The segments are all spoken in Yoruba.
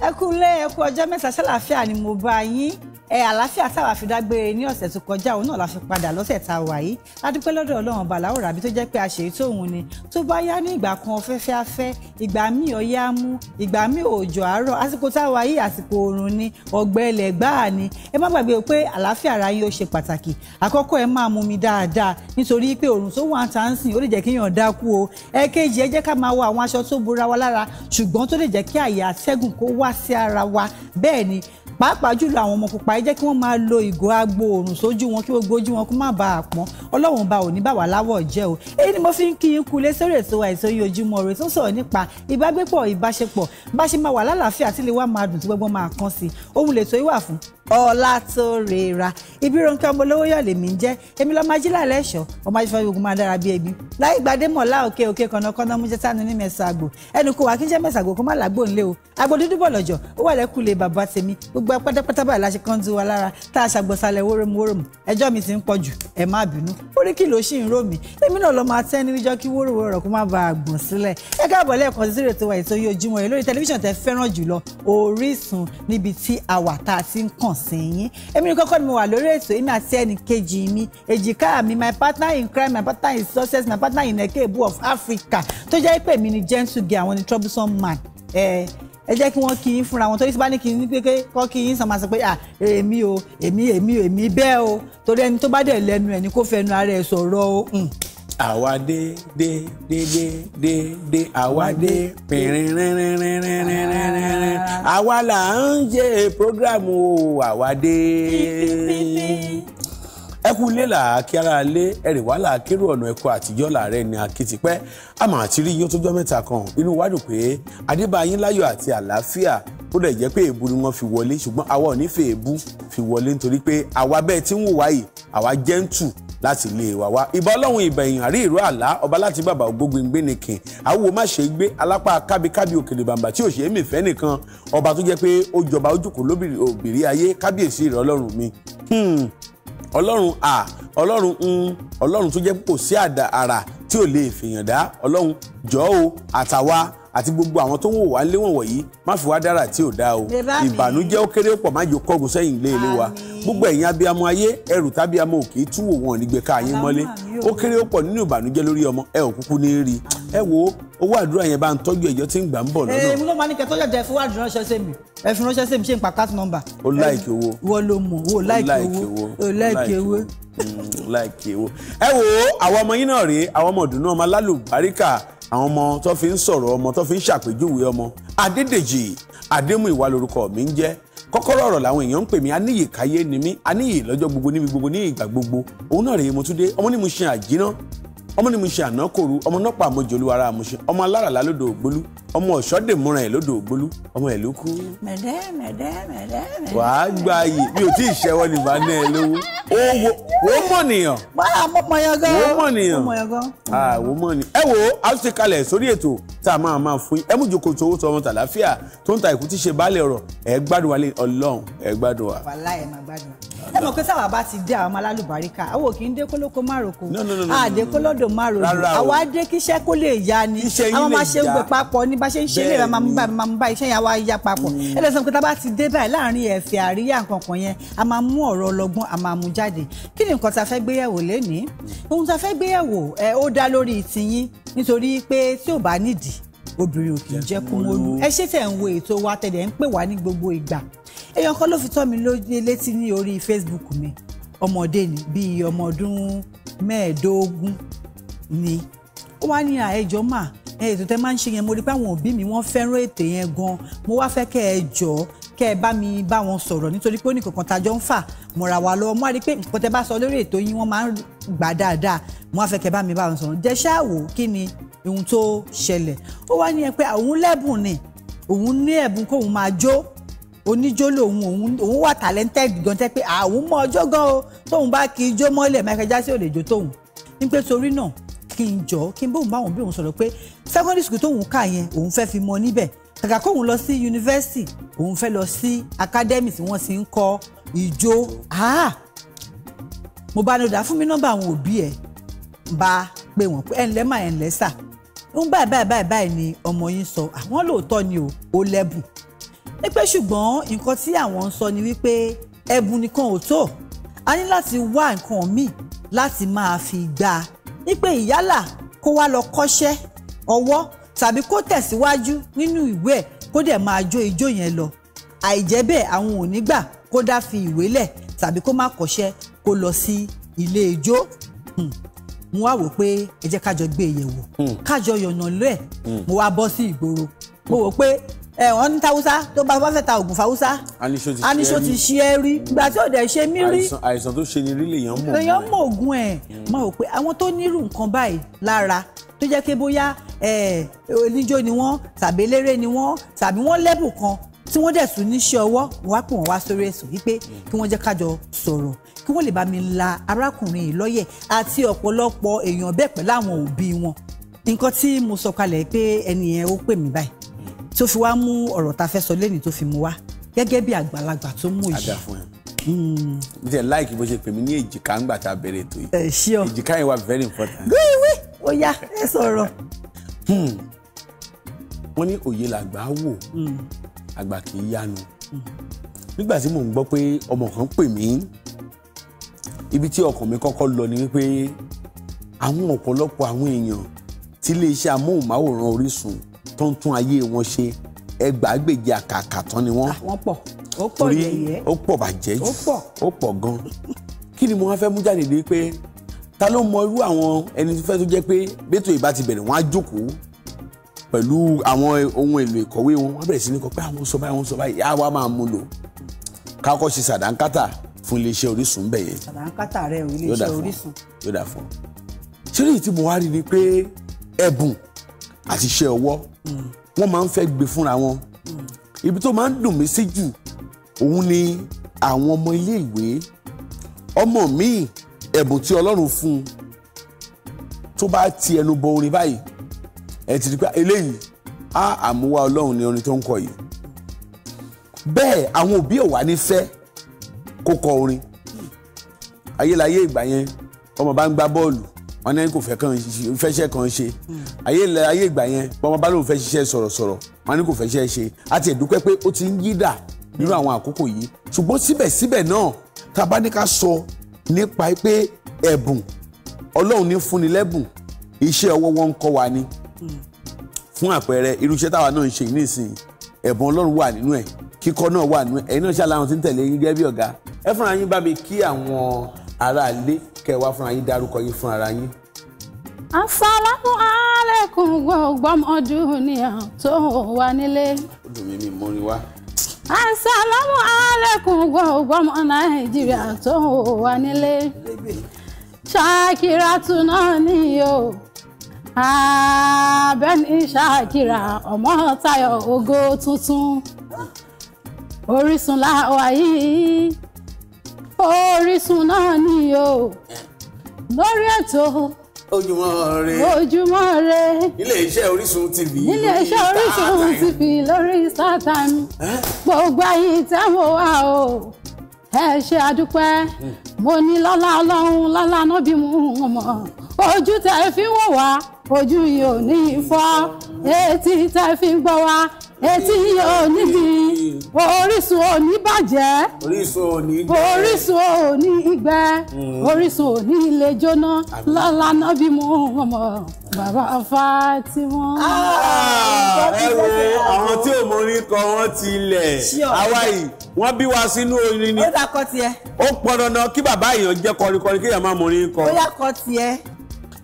ẹ kú lé ẹ ṣàlàáfíà ni mo bá yín ẹ àlàáfíà táwa fi dágbére ní ọ̀sẹ̀ tó kọjá òun náà la fi padà lọ́sẹ̀ tá a wà yìí ládùúpẹ́ lọ́dọ̀ ọlọ́run ọba láwòrán tó jẹ́ pé àṣeyí tóun ni tó bá yá ní ìgbà kan ọ̀fẹ́fẹ́ afẹ́ ìgbà míì ọyá mú ìgbà míì òòjò àárọ̀ àsìkò tá a wà yìí àsìkò oòrùn ni ọ̀gbẹ́ ilẹ̀ gbáà ni ẹ má gbàgbé pé àlàáfíà ara yín ó ṣe pàtàkì àkọ́kọ́ ẹ máa mumi dáadáa nítorí pé oòrùn tó wà tá à ń sìn ó lè jẹ́ kí èèyàn dákú o ẹ̀kejì ẹ jẹ́ ká máa wọ àwọn aṣọ tó bora wa lára ṣùgbọ́n tó lè jẹ́ kí àyè àtẹ́gùn kó wà wá sí ara wa bẹ́ẹ̀ ni pàápàá jùlọ àwọn ọmọ pupa ẹ jẹ́ kí wọ́n máa lo ìgò agbo sójú wọn kí gbogbo ojú wọn kó má bàa pọ́n ọlọ́run ba ò ní bà láwọ̀ jẹ́ o èyí ni mo fi ń kí yín kulé sórí ètò àìsàn yìí ojúmọ́ rẹ̀ tó ń sọ̀rọ̀ nípa ìbágbépọ̀ ìbáṣepọ̀ bá ṣe máa wà lálàáfíà tí lè wá máa dùn tí gbogbo máa kàn sí ohun lè tó ìwà fún Ọlátórèrà ibi ronke ọmọlówóyọ̀ lèmi ń jẹ́ èmi lọ́mọ ajílà lẹ́ṣọ̀ ọmọ ajífọ́ gbogbo máa dára bí ebi láì gbadé mọ̀lá òkè òkè kànákànná mú jẹ́ sánú ní ẹnu kò wá kí n jẹ́ mẹ́sàgbò kó má làgbò ńlé o agbo dúdú bọ̀ lọ́jọ́ ó wà lẹ́kùlé bàbá tèmi gbogbo pátápátá báyìí láṣẹ kan tú wa lára tá a ṣàgbọ̀sálẹ̀ wórómùwórómù ẹjọ́ mi ti ń pọ̀ jù ẹ má bínú orí kì ló ṣì ń rò mí èmi náà lọ máa tẹ́ níjọ́ kí wórówóró rọ̀ kó má bàa gbọ̀n sílẹ̀ ẹ káàbọ̀ lẹ́ẹ̀kan sí sírètò wa ètò yìí ojúmọ́ ire lórí tẹlifíṣàn tẹ fẹ́ràn jùlọ Orísun níbi tí a wà tá a ti ń kàn sí yín èmi nìkan kọ́ ni mo wà lórí ètò èmi àti ẹnì kejì mi èjìká mi my partner in crime my partner in success my partner in ekebu of Africa tó jẹ́ pé mi ni gentle girl àwọn ni troublesome man ẹ ẹ jẹ́ kí wọ́n kí yín fúnra wọn torí tí bá ní kí yín pé kọ́ kí yín sàn pé à èmi o èmi èmi èmi bẹ́ẹ̀ o torí ẹni tó bá dẹ̀ lẹ́nu ẹ̀ ni kó fẹnu ara ẹ̀ sọ̀rọ̀ o. Hmm àwa dé dé dé dé dé dé àwa dé pìnrìnrìnrìnrìnrìnrìn àwa là ń jẹ programu o àwa dé. ẹ kú ilé là kí ara lé ẹrì wá là ọ̀nà ẹ̀kọ́ àtijọ́ làárẹ̀ ni akitipẹ́ àmọ́ àti rí yín tó jọ́ mẹ́ta kan inú wa dùn pé adébáyín láyọ̀ àti àlàáfíà ó lè jẹ́ pé èébú ni wọ́n fi wọlé ṣùgbọ́n àwa ò ní fèébú fi wọlé nítorí pé àwa bẹ́ẹ̀ tí ń wò wáyìí àwa jẹ́ ń tù láti ilé wa wá ìbà ọlọ́run ìbà èèyàn àrí ìró àlá ọba láti bàbá ògbógun gbénìkìn àwòwò má ṣe gbé alápá kábíkábí òkèlè bàǹbà tí ò ṣe é mìfẹ́ nìkan ọba tó jẹ́ pé ó jọba ojúkò lóbìrí ayé kábíyèsí ìrọ̀ ọlọ́run mi hmm. ọlọ́run à ọlọ́run ń ọlọ́run tó jẹ́ pé kò sí àrà tí ò lè fìyàn dá ọlọ́run jọ̀ọ́ o àtàwa àti gbogbo àwọn tó ń wò wá lé wọ̀n wọ̀nyí má fi wá dára tí ò dáa o ìbànújẹ́ ó kéré pọ̀ má jò kọ́gun sẹ́yìn ilé ilé wa gbogbo ẹ̀yin abiyamọ ayé ẹrù tábíamọ òkè tú wò wọn nígbè ká yín mọ́lé ó kéré ó pọ̀ nínú ìbànújẹ́ lórí ọmọ ẹ ò kúkú ní rí ẹ wo owó àdúrà yẹn bá ń tọ́jú ẹjọ́ tí ń gbà ń bọ̀ lọ́nà. èmi ló máa ní kẹtọ́jọ́ jẹ fún wàdúrà ránṣẹ́ sí ẹ fi ránṣẹ́ sí ṣe ń pa number. ó láìkì owó wọ́n ló mọ̀ ó láìkì owó ó láìkì owó láìkì mm, owó. ẹ wo àwọn àwọn ọmọ tó fi ń sọ̀rọ̀ ọmọ tó fi ń ṣàpèjúwe ọmọ Adédèjì Adémúyìwá lorúkọ mi ń jẹ́ kọ́kọ́rọ́ ọ̀rọ̀ làwọn èèyàn ń pè mí aníyè káyé ni mí aníyè lọ́jọ́ gbogbo níbi gbogbo ní ìgbà gbogbo òun náà rèé mo tún dé ọmọ ní mo ṣe àjíná ọmọ ní mo ṣe ànákòrò ọmọ náà pa àmọjòlú ara àmọṣe ọmọ aláràlá lódò ògbólú ọmọ ọ̀ṣọ́dẹ̀múra ẹ̀ lódò ògbólú ọmọ ẹ̀ ló kú. mẹ̀dẹ́ mẹ̀dẹ́ mẹ̀dẹ́ mẹ̀dẹ́. wàá gba ayè mi ò tí ì ṣẹ́wọ́ ni bá ní ẹ lówó. ó wo wo mọ̀nìyàn. báyà mo mọ̀yàn gan. wo mọ̀nìyàn. mo mọ̀yàn gan. ah wo mọ̀nìyàn. ẹ wo a ti kalẹ̀ sórí ètò tá a máa máa fún yín ẹ mú jòkó tó sọ ọmọ tàlàfíà tó ń ta ìkú tí ṣe baálé ọ̀rọ̀ ẹ gbádùn wa lé ọlọ́run ẹ gbádùn wa. wàhálà ẹ máa gbádùn ẹ mọ̀ pé sáwà bá ti dé àwọn alálùbáríkà àwọn kì í dé kólókó márokò àdé márokò àwa dé kíṣẹ́ kó lè yá ni àwọn máa ṣe ń gbé papọ̀ ní bá ṣe ń ṣe ilé ìrànmọ́ àmúbá àmúbá iṣẹ́ yẹn wá yá papọ̀ mm. ẹ lè sọ pé tá a bá ti dé báyìí láàrin ẹ̀sìn àríyá kankan yẹn a máa mú ọ̀rọ̀ ọlọ́gbọ́n a máa mú jáde kí ni nǹkan tá a fẹ́ gbéyẹ̀wò lénìí mm. ohun tá a fẹ́ gbéyẹ̀wò ó dá lórí tiyín nítorí pé tí ò bá nídìí obìnrin ò kì í jẹ́ kún olú ẹ ṣé tẹ̀ ń wo ètò wa tẹ̀lé ń pè wá ní gbogbo ìgbà èèyàn kan ló fi tọ́ mi létí ní orí Facebook mi ọmọdé ni bíi ọmọ ọdún mẹ́ẹ̀ẹ́dógún ni ó wá ní àẹjọ́ máa ètò tẹ máa ń ṣe yẹn mo rí pé àwọn òbí mi wọ́n fẹ́ràn ètò yẹn gan mo wá fẹ́ kẹ́ ẹ jọ̀ọ́ kẹ́ ẹ bá mi bá wọn sọ̀rọ̀ nítorí pé ó ní kankan tajọ́ ń fà mọ̀ra wa lọ́wọ́ mo wá rí i pé nǹkan tẹ bá sọ lórí ètò yín wọ́n máa ń gbà dáadáa mo wá fẹ́ kẹ́ ẹ bá mi bá wọn sọ̀rọ̀ jẹ́ ṣáà wò kí ni ohun tó ṣẹlẹ̀ ó wá ní ẹ pé òun lẹ́bùn ni òun ní ẹ̀bùn kóun máa jó oníjó lòun òun òun wà talented gan tẹ́ pé àwọn mọ ọjọ́ gan o tóun bá kí ijó mọ́lẹ̀ Michael Jackson ò lè tóun ní torí náà kí n jọ kí n bóun bá òun bí òun sọ̀rọ̀ pé secondary school tóun kà yẹn òun fẹ́ fi mọ níbẹ̀ kàkà kóun lọ sí yunifásitì òun fẹ́ lọ sí academy tí wọ́n ti ń kọ́ ìjó ah! mo bá ní ọ̀dà fún mi nọ́mbà àwọn òbí ẹ̀ bá pé wọ́n pé ẹ̀ǹlẹ́ mà ẹ̀ǹlẹ́ sà ń báyìí báyìí báyìí báyìí ni ọmọ yín sọ àwọn lóòótọ́ ni ó lẹ́bùn ní pé ṣùgbọ́n nǹkan tí àwọn ń sọ ni wípé ẹ̀bùn nìkan ò tó a ní láti wá nǹkan míì láti máa fi gbà á ní pé ìyálà kó wá lọ kọ́ṣẹ́ ọwọ́ tàbí kó tẹ̀síwájú nínú ìwé ẹ̀ kó dẹ̀ máa jó ijó yẹn lọ àìjẹ́ bẹ́ẹ̀ àwọn ò ní gbà kó dá fi ìwé lẹ̀ tàbí kó má kọ́ṣẹ́ kó lọ sí ilé ijó hmm. mo wá wò pé ẹ jẹ́ kájọ gbé e yẹ̀wò hmm. kájọ yọ̀nà lẹ̀ hmm. mo wá bọ́ sí ìgboro mo wò pé ẹ wọn ní tawusa tó bá bá fẹ́ ta oògùn fawusa anisó ti ṣe é rí ìgbà tí ò ṣe mí rí àìsàn tó ṣe ni rí lèèyàn mọ̀ mọ̀ oògùn ẹ̀ máa wò pé àwọn tó nírú nǹkan báyìí lára tó jẹ́ pé bóyá oníjó ni wọ́n tàbí eléré ni wọ́n tàbí wọ́n lẹ́bùn kan tí wọ́n dẹ̀ tún níṣẹ́ ọwọ́ wá pò wọ́n wá sórí ẹ̀sùn wípé kí wọ́n jẹ́ kájọ sọ̀rọ̀ kí wọ́n lè bá mi la arákùnrin yìí lọ́yẹ̀ àti ọ̀pọ̀lọpọ̀ èèyàn bẹ́ẹ̀ pẹ̀lú àwọn òbí wọn nǹkan tí mo sọ kalẹ̀ pé ẹni yẹn ó pè mí báyìí tó fi wá mú ọ̀rọ̀ ta fẹ́ sọ lẹ́ni tó fi mú wá gẹ́gẹ́ bí àgbàlagbà tó mú yìí. mi tẹ láìkí bó ṣe pè mí ní èjìká ńgbà tá a bẹ̀rẹ̀ ètò yìí èjìká yẹn wà very important. gbé ìwé ó yá ẹ sọ̀rọ̀. Hmm. wọ́n ní òye làgbà wò hmm. àgbà kì í yanu hmm. nígbà tí mò ń gbọ́ pé ọmọ kan pè mí ibi tí ọkàn mi kọ́kọ́ lọ ni wípé àwọn ọ̀pọ̀lọpọ̀ àwọn èèyàn tí iléeṣẹ́ amóhùnmáwòrán Orísun tó ń tún ayé wọn ṣe ẹgbàágbèje àkàkà tán ni wọ́n. àwọn ah, pọ̀ ó pọ̀ yẹyẹ torí ó pọ̀ bàjẹ́ jù ó pọ̀ gan kí ni mo wá fẹ́ mú jáde ni pé ta ló mọ irú àwọn ẹni tó fẹ́ tó jẹ́ pé bẹ́tò ìbá ti bẹ̀rẹ̀ wọ́n á jókòó pẹ̀lú àwọn ohun èlò ìkọ̀wé wọn wọ́n bẹ̀rẹ̀ sí ní kọ pé àwọn sọ báyìí àwọn sọ báyìí àwa máa mú lò kákọ́ ṣe sàdánkátà fún iléeṣẹ́ Orísun bẹ̀ yẹn. sàdánkátà rẹ ò iléeṣẹ́ Orísun. yóò dà fún ọ ṣé mo wá rí ni pé ẹ̀bùn àti iṣẹ́ ọwọ́ hmm. wọ́n máa ń fẹ́ gbé fúnra wọn hmm. ibi tó máa ń dùn mí sí jù òun ni àwọn ọmọ ilé ọmọ míì ẹ̀bùn tí ọlọ́run fún un tó bá ti ẹnu bọ orin báyìí ẹ ti rí pé eléyìí á àmúwá ọlọ́run ní orin tó ń kọ yìí bẹ́ẹ̀ àwọn òbí ẹ̀ wá ní fẹ́ kó kọ orin ayélayé ìgbà yẹn ọmọ bá ń gbá bọ́ọ̀lù wọn ní kò fẹsẹ̀ kan ṣe ayé ìgbà yẹn bọ́mọ bá lóun fẹ́ ṣiṣẹ́ sọ̀rọ̀sọ̀rọ̀ wọn ní kò fẹsẹ̀ ṣe àti ẹ̀dúpẹ́ pé ó ti ń yídà nínú àwọn àkókò yìí ṣùgbọ́n síbẹ̀síbẹ̀ náà tá sọ nípa pé ẹ̀bùn ọlọ́run ní fúnni lẹ́bùn iṣẹ́ ọwọ́ wọn ń kọ́ wa ni fún àpẹẹrẹ irúṣẹ́ táwa náà ń ṣe nísìnyí ẹ̀bùn ọlọ́run wà nínú ẹ̀ kíkọ́ náà wà nínú ẹ̀ ẹ̀yin náà ṣàlàyé tí ń tẹ̀lé yín gẹ́gẹ́ bí ọ̀gá ẹ fúnra yín bá mi kí àwọn aráalé kẹwàá fúnra yín dárúkọ yín fúnra yín. Asalamu alaikum gbogbo ọmọ dúnìyà tó wà nílé. asalamu alaikum gwagwam Nàìjíríà tó wà nílé Ṣakiratu náà ni o abẹni Ṣakira ọmọ Táyọ̀ ogo tuntun Orísun láwa yìí Orísun náà ni o lórí ètò. ojúmọ́ re. ojúmọ́ re. ilé iṣẹ́ Orísun TV. ilé iṣẹ́ Orísun TV lórí StarTimes. gbogbo ẹ̀yin tẹ́ mo wá o ẹ ṣe àdúpẹ́ hmm. mo ní lọ́lá ọlọ́run lọ́lá náà bí mo ń mọ̀ ojú tẹ́ fi wò wá ojú yìí ò ní í fọ́ hmm. etí tẹ́ fi gbọ́ wá etí yóò níbi orísun ò ní bàjẹ́ orísun ò ní ìgbẹ́ orísun ò ní ilé jóná lọ́la náà bí mo mọ̀ bàbá Fatima. Ah, ẹ wo àwọn tí ò mórí kọ wọn ti lẹ̀ àwa yìí wọ́n bí wa sínú orin ni ó pọn dandan kí bàbá èèyàn jẹ́ kọrinkọrin kéèyàn má mórí kọ. ó yà kọ tiẹ̀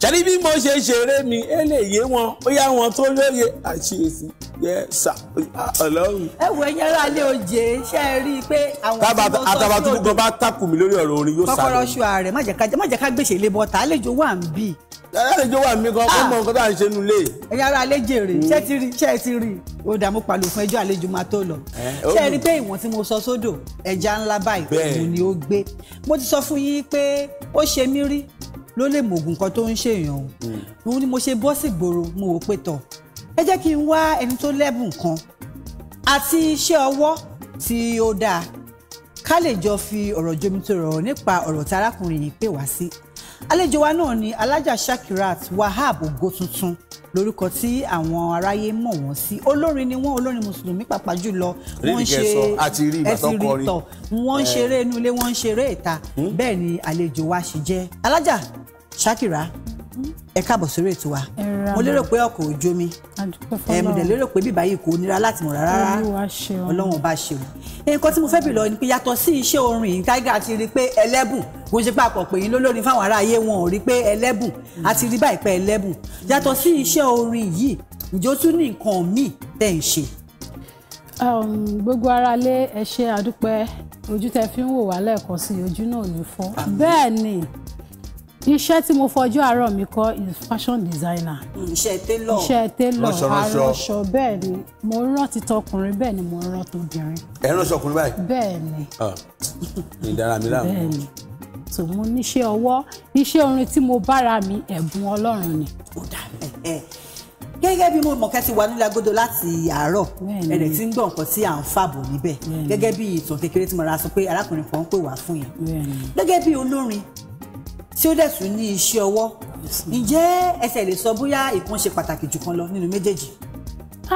tẹ́lí bí mo ṣe ṣeré mi eléyé wọn ó yá wọn tó lóye àṣeyèsí yẹ sà ọlọ́run. ẹ wo ẹ̀yin ará ilé oje ṣe é rí i pé àwọn tí wọ́n tọ́jú òde Àtàbàtúbú gan bá tàkùn mí lórí ọ̀rọ̀ orin yóò sáré. kọ́kọ́rọ́ ṣu ààrẹ má jẹ́ ká gbèsè lé bọ́ta àlejò wà ń bì. àlejò wà mí gan kó mọ ah! nǹkan tá à ń ṣe nulẹ̀. ẹ̀yin ará ilé jèrè mm. ṣé ti rí ṣé ti rí ó dààmú pàlò fún ẹjọ́ àlejò máa tó lọ. Eh, ṣé ẹ rí i pé ìwọ̀n tí mo sọ sódò ẹja ńlá báyìí òun ni ó gbé mo ti sọ fún yín pé ó ṣe mí rí ló lè mọ̀gùn kan tó ń ṣèyàn o hmm. òun ni mo ṣe bọ́ sí gbòòrò mo wò pé tọ̀ ẹ jẹ́ kí n wá ẹni tó lẹ́bùn kan àti iṣẹ́ ọwọ́ tí ó dáa ká lè jọ fi ọ̀rọ̀ jomitoro nípa ọ̀rọ̀ tí arákùnrin yìí pè wá sí àlejò wa náà ni alájà Shakirat Wahab Ògótuntun lórúkọ tí àwọn aráyé mọ̀ wọ́n sí olórin ni wọ́n olórin mùsùlùmí pàápàá jùlọ wọ́n ń ṣe ẹ̀sìrìtọ̀ wọ́n ń ṣeré inú ilé wọ́n ń ṣeré ìta hmm? bẹ́ẹ̀ ni àlejò wa ṣe jẹ́ alájà Ṣakira ẹ káàbọ̀ sórí ètò wa mo lérò pé ọkọ̀ òjò mi ẹ mo dẹ̀ lérò pé bíbá yìí kò nira láti mọ̀ rárá ọlọ́run bá ṣe o nǹkan tí mo fẹ́ bì lọ ni pé yàtọ̀ sí iṣẹ́ orin yìí Tiger ti rí pé ẹlẹ́bùn kò ṣe pàpọ̀ pé yín lólórin fáwọn aráyé wọn ò rí pé ẹlẹ́bùn àti rí báyìí pé ẹlẹ́bùn yàtọ̀ sí iṣẹ́ orin yìí ǹjẹ́ ó tún ní nǹkan míì tẹ̀ ń ṣe. Um, gbogbo aráalé ẹ ṣe àdúpẹ́ ojú tẹ fi ń wò wá lẹ́ẹ̀kan sí ojú náà ní fọ́ bẹ́ẹ̀ ni iṣẹ́ tí mo fọjú àárọ̀ mi kọ́ is fashion designer. Mm, iṣẹ́ télọ̀ iṣẹ́ télọ̀ aránṣọ bẹ́ẹ̀ ni mo rán ti tọkùnrin bẹ́ẹ̀ ni mo rán tóbìnrin. ẹ ránṣọ ọkùnrin báyìí. bẹ́ẹ̀ ni. ìdára ah, mi láàmú. bẹ́ẹ̀ ni tó mú níṣẹ́ ọwọ́ iṣẹ́ orin tí mo bára mi ẹ̀bùn ọlọ́run ni. ó dà bẹ́ẹ̀ gẹ́gẹ́ bí mo mọ̀ kẹ́ ti wà nílẹ̀ agodo láti àárọ̀ ẹ̀rẹ̀ tí ń gbọ́ nǹkan tí à ń fàbọ̀ níbẹ̀ gẹ́gẹ́ bí ìtàn kékeré tí mo ra sọ pé arákùnrin kan ń pè wá fún yẹn gẹ́gẹ́ bí olórin tí ó dẹ̀ tún ní iṣẹ́ ọwọ́ ǹjẹ́ ẹsẹ̀ lè sọ bóyá ìkan ṣe pàtàkì jù kan lọ nínú méjèèjì.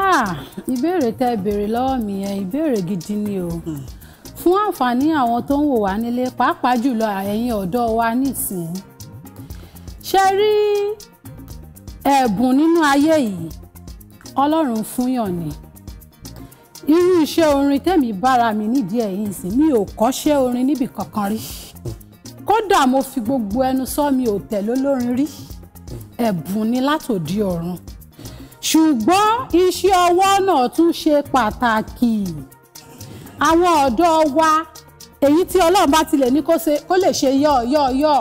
ah ìbéèrè tẹ́ béèrè lọ́wọ́ mi yẹn ìbéèrè gidi ni o hmm. fún àǹfààní àwọn tó ń wò wá nílé pàápàá jùlọ ẹ̀yin ọ̀dọ́ wa nísìn ṣe rí ẹ̀bùn nínú ayé yìí ọlọ́run fúnyàn ni irú iṣẹ́ orin tẹ̀mí bára mi nídìí ẹ̀yìn sí mi ò kọ́ṣẹ́ orin níbì kankan rí kódà mo fi gbogbo ẹnu sọ mi ò tẹ̀lé olórin rí ẹ̀bùn ni látòdì ọ̀run ṣùgbọ́n iṣẹ́ ọwọ́ náà tún ṣe pàtàkì àwọn ọ̀dọ́ wa èyí tí ọlọ́run bá tilẹ̀ ní kó lè ṣe yọ̀ọ̀yọ̀ọ̀yọ̀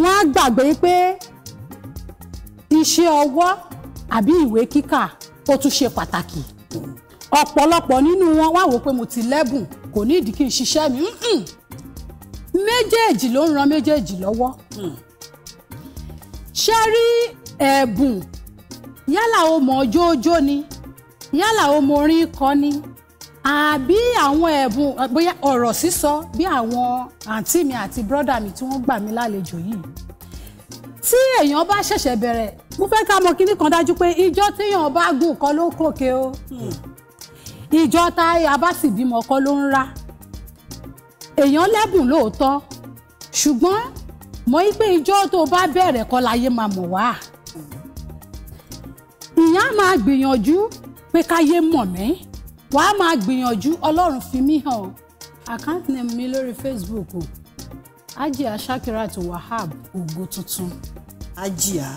wọ́n á gbàgbé pé iṣẹ́ ọwọ́ àbí ìwé kíkà ó tún ṣe pàtàkì ọ̀pọ̀lọpọ̀ nínú wọn wá wò pé mo ti lẹ́bùn kò ní ìdí kí n ṣiṣẹ́ mi méjèèjì ló ń ran méjèèjì lọ́wọ́ ṣe rí ẹ̀bùn yálà o mọ̀ jójó ni yálà o mọ̀ orin kọ ni àbí àwọn ẹ̀bùn bóyá ọ̀rọ̀ sísọ bí àwọn àǹtí mi àti brọ́dà mi tí wọ́n gbà mí lálejò yìí tí èèyàn bá ṣẹ̀ṣẹ̀ bẹ̀rẹ̀ mo fẹ́ ká mọ̀ kinní kan dájú pé ìjọ téèyàn bá gùn kọ́ ló kòkè o ìjọ tá a bá sì bímọ kọ́ ló ń rá èèyàn lẹ́bùn lóòótọ́ ṣùgbọ́n mọ̀ í pé ijó tó bá bẹ̀rẹ̀ kọ́ láyé máa mọ̀ wá ìyá máa gbìyànjú pé káyé mọ̀ mí wàá máa gbìyànjú ọlọ́run fi mí hàn àkáǹtì name mi lórí Facebook Ajia Shakirat Wahab Ògo Tuntun. Ajia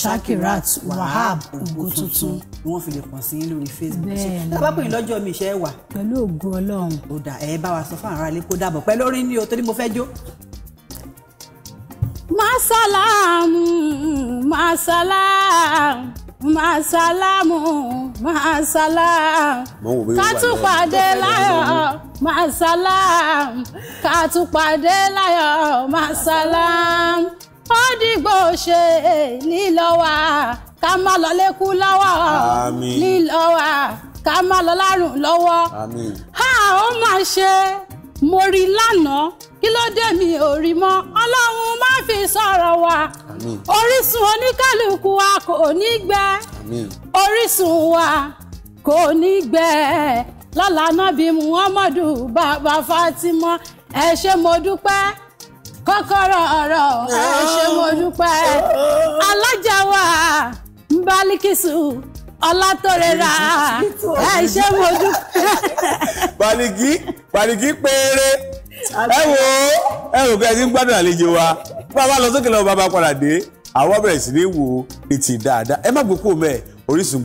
Shakirat Wahab Ògo Tuntun ni fi lè kàn sí lórí Facebook bẹ́ẹ̀ ni lọ́jọ́ mi iṣẹ́ wà. pẹ̀lú ògo Ọlọ́run. ó dà ẹ bá wa sọ fún àrà lẹ́kọ́ dàbọ̀ pẹ́ lórí ni o torí mo fẹ́ jó. masalamu masalamu masalamu masalamu kátùpàdé láyọ̀ masalamu kátùpàdé láyọ̀ masalamu ó dìgbò ṣe nílọ wa ká má lọ lékú lọ́wọ́ lílọ wa ká má lọ lárùn lọ́wọ́ ha ó mà ṣe mo rí lánàá kí ló dé mi ò rí mọ́ ọlọ́run má fi sọ̀rọ̀ wa orísun oníkálukú wa kò ní gbẹ orísun wa kò ní gbẹ lọ́la náà muhammadu bàbá fatima ẹ ṣé mo dúpẹ́ kọ́kọ́rọ́ ọ̀rọ̀ ẹ ṣé mo dúpẹ́ oh. alájà wa. Balikisu Ọlátórera ẹ ṣe mo dúpẹ́. Baliki Baliki péré ẹ wo ẹ rò pé ẹ ti ń gbádùn àlejò wa bá a bá lọ sókè lọ bá a bá padà dé àwọn bẹ̀rẹ̀ sí ní wo ètì dáadáa ẹ má gbé mẹ́ẹ̀ Orísun.